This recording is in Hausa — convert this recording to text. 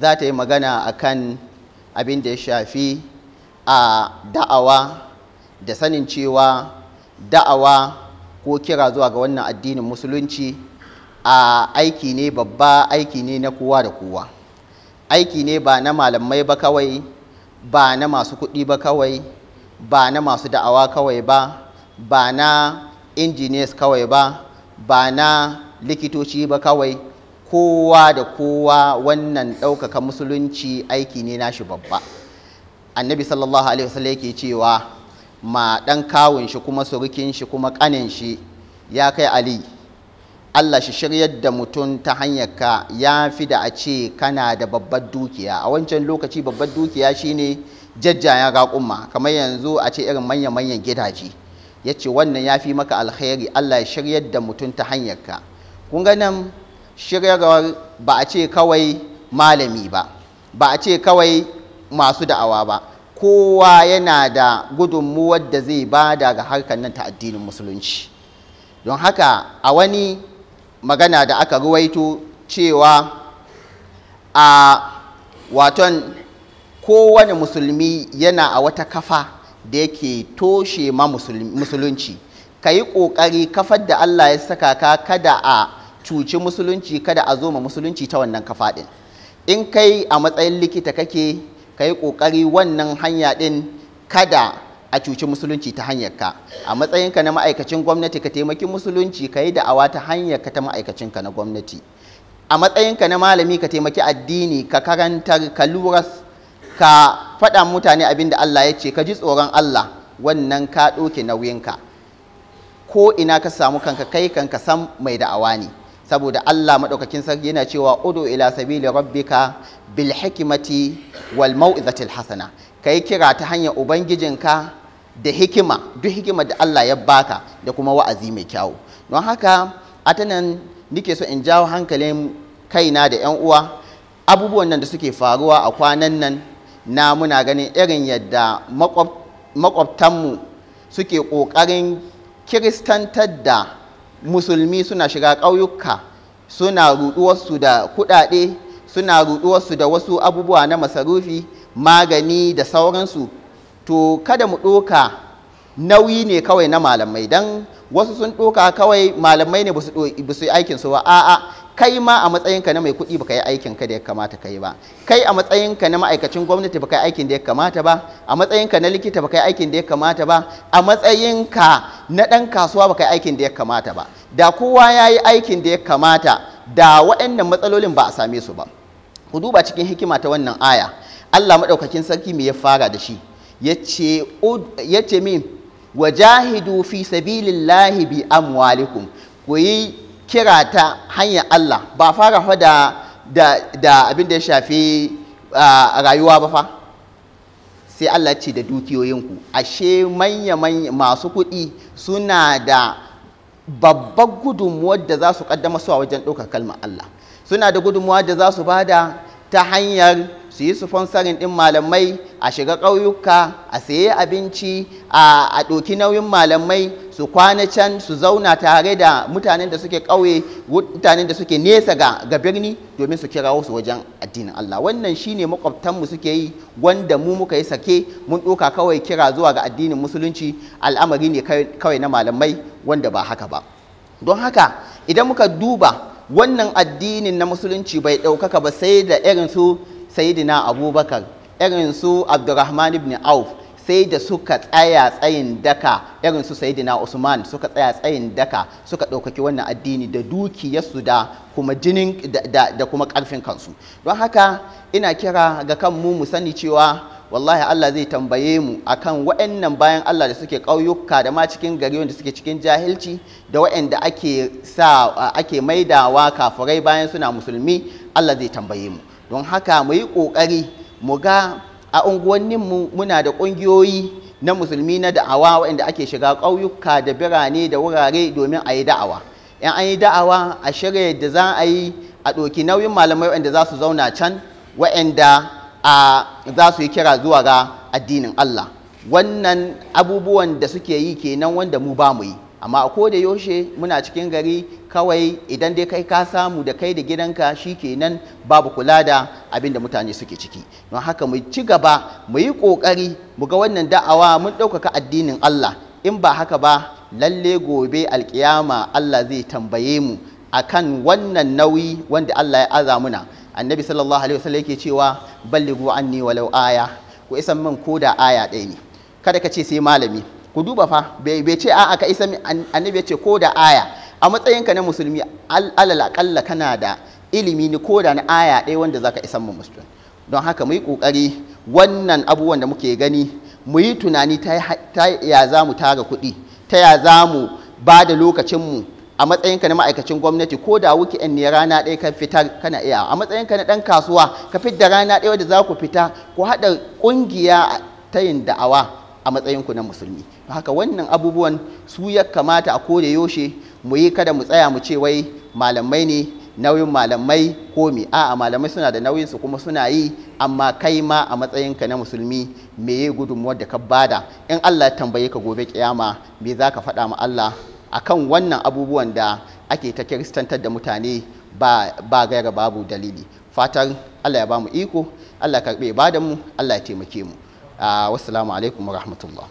za ta yi magana a kan abin da ya shafi a da'awa da sanin cewa da'awa ko kira zuwa ga wannan addinin musulunci a aiki ne babba aiki ne na kowa da kowa aiki ne ba na malamai ba kawai ba na masu kuɗi ba kawai ba na masu da'awa kawai ba ba na engineers kawai ba ba na likitoci ba kawai kowa da kowa wannan ɗaukaka musulunci aiki ne na shi babba annabi sallallahu alaihi wasallam yake cewa ma ɗan kawun shi kuma surukin shi kuma ƙanin shi ya kai ali Allah shi shiryar da mutum ta hanyar ka ya fi da a ce kana da babbar dukiya a wancan lokaci babbar dukiya shine jajjayen raƙumma kamar yanzu a ce irin manya-manyan gidaje ya ce wannan ya fi maka alkhairi Allah ya shiryar da mutum ta hanyar ka kun ga nan Shirarwar ba a ce kawai malami ba ba a ce kawai masu da'awa ba kowa yana da gudunmuwar da zai ba daga harkar nan ta addinin musulunci don haka a wani magana da aka ruwaito cewa a waton kowane musulmi yana a wata kafa da yake toshe ma musulunci ka yi ƙoƙari kafar da allah ya saka ka kada a cuci musulunci kada a zo ma musulunci ta wannan kafa ɗin in kai a matsayin likita kake ka yi ƙoƙari wannan hanya ɗin kada a cuci musulunci ta hanyar ka. a matsayin ka na ma'aikacin gwamnati ka taimaki musulunci ka yi da'awa ta hanyar ka ta ma'aikacin ka na gwamnati a matsayin ka na malami ka taimaki addini ka karantar ka lura ka faɗa mutane abin da Allah ya ce ka ji tsoron Allah wannan ka ɗauke nauyinka ko ina ka samu kanka kai kanka san mai da'awa ne saboda Allah madaukakin sarki yana cewa udu ila sabili rabbika bil hikmati wal mau'izatil hasana kai kira ta hanyar ubangijinka da hikima duk hikima da Allah ya baka da kuma wa'azi mai kyau. don haka a ta nan nike so in jawo hankalin kaina da 'yan uwa abubuwan nan da suke faruwa a kwanan nan na muna ganin irin yadda makwabtanmu suke ƙoƙarin kiristantar da musulmi suna shiga ƙauyuka suna ruɗuwarsu da kuɗaɗe suna ruɗuwarsu da wasu abubuwa na masarufi magani da sauransu to kada mu ɗoka nauyi ne kawai na malamai don wasu sun ɗoka kawai malamai ne ba su aikinsu ba a'a kai ma a matsayinka na mai kuɗi baka yi aikin ka da ya kamata kai ba kai a matsayinka na ma'aikacin gwamnati baka yi aikin da ya kamata ba a matsayinka na likita baka yi aikin da ya kamata ba a matsayinka na ɗan kasuwa baka yi aikin da ya kamata ba da kowa ya yi aikin da ya kamata da waɗannan matsalolin ba a same su ba ku duba cikin hikima ta wannan aya Allah maɗaukakin sarki me ya fara da shi ya ce min wajahidu fi sabilillahi bi amwalikum ku yi kira ta hanyar Allah ba fara fa da abin da ya shafi rayuwa ba fa sai Allah ce da dukiyoyinku ashe manya-manya masu kuɗi suna da babbar gudunmuwar da za su kaddama su a wajen ɗaukar kalmar Allah suna da gudunmuwa da za su bada ta hanyar su yi fonsarin ɗin malamai a shiga ƙauyuka a saye abinci a ɗoki nauyin malamai su kwana can su zauna tare da mutanen da suke ƙauye mutanen da suke nesa ga, ga birni domin su kirawo su wajen addinin Allah wannan shine makwabtanmu suke yi wanda mu muka yi sake mun ɗoka kawai kira zuwa ga addinin musulunci al'amari ne kawai na malamai wanda ba haka ba don haka idan muka duba wannan addinin na musulunci bai ɗaukaka ba sai da irin su sayidina abubakar irin su abdurrahman ibn auf sai da suka tsaya tsayin daka irin su sayidina usman suka tsaya tsayin daka suka ɗaukaki wannan addini da dukiyarsu da kuma jinin da, kuma ƙarfin kansu don haka ina kira ga kan mu mu sani cewa wallahi Allah zai tambaye mu akan waɗannan bayan Allah da suke ƙauyuka da ma cikin gari wanda suke cikin jahilci da wa'anda ake sa ake maidawa kafurai bayan suna musulmi Allah zai tambaye mu don haka mu yi ƙoƙari mu ga a unguwanninmu muna da ƙungiyoyi na musulmi na da'awa waɗanda ake shiga ƙauyuka da birane da wurare domin a yi da'awa in an yi da'awa a shirya da za a yi a ɗoki nauyin malamai waɗanda za su zauna can waɗanda za su yi kira zuwa ga addinin Allah wannan abubuwan da suke yi kenan wanda mu ba mu yi amma a koda yaushe muna cikin gari kawai idan dai kai ka samu da kai da gidanka shi kenan babu kula da abin da mutane suke ciki don haka mu ci gaba mu yi ƙoƙari mu ga wannan da'awa mun ɗaukaka addinin Allah in ba haka ba lalle gobe alkiyama Allah zai tambaye mu akan wannan nauyi wanda Allah ya aza muna annabi sallallahu alaihi wasallam yake cewa ballighu anni walau aya ku isan min koda aya ɗaya ne kada ka ce sai malami ku duba fa bai ce a'a ka isa annabi ya ce ko da aya a matsayinka na musulmi alal akalla kana da ilimi ne ko da na aya ɗaya wanda zaka isan mu musulmi don haka mu yi ƙoƙari wannan abubuwan da muke gani mu yi tunani ta ya za mu tara kuɗi ta ya za mu ba da lokacinmu a matsayinka na ma'aikacin gwamnati ko da wuki ne rana ɗaya ka fita kana iya a matsayinka na ɗan kasuwa ka fitar da rana ɗaya wanda za ku fita ku haɗa ƙungiya ta yin da'awa a matsayinku na musulmi haka wannan abubuwan su ya kamata a koda yoshe mu yi kada mu tsaya mu ce wai malamai ne nauyin malamai ko a'a malamai suna da nauyin su kuma suna yi amma kai ma a matsayin ka na musulmi me yi gudunmuwar da ka bada in Allah ya tambaye ka gobe kiyama me za ka faɗa ma Allah akan wannan abubuwan da ake ta kiristantar da mutane ba ba gaira babu dalili fatan Allah ya bamu iko Allah ya karɓe ibadan mu Allah ya taimake mu Uh, wassalamu alaikum wa rahmatullah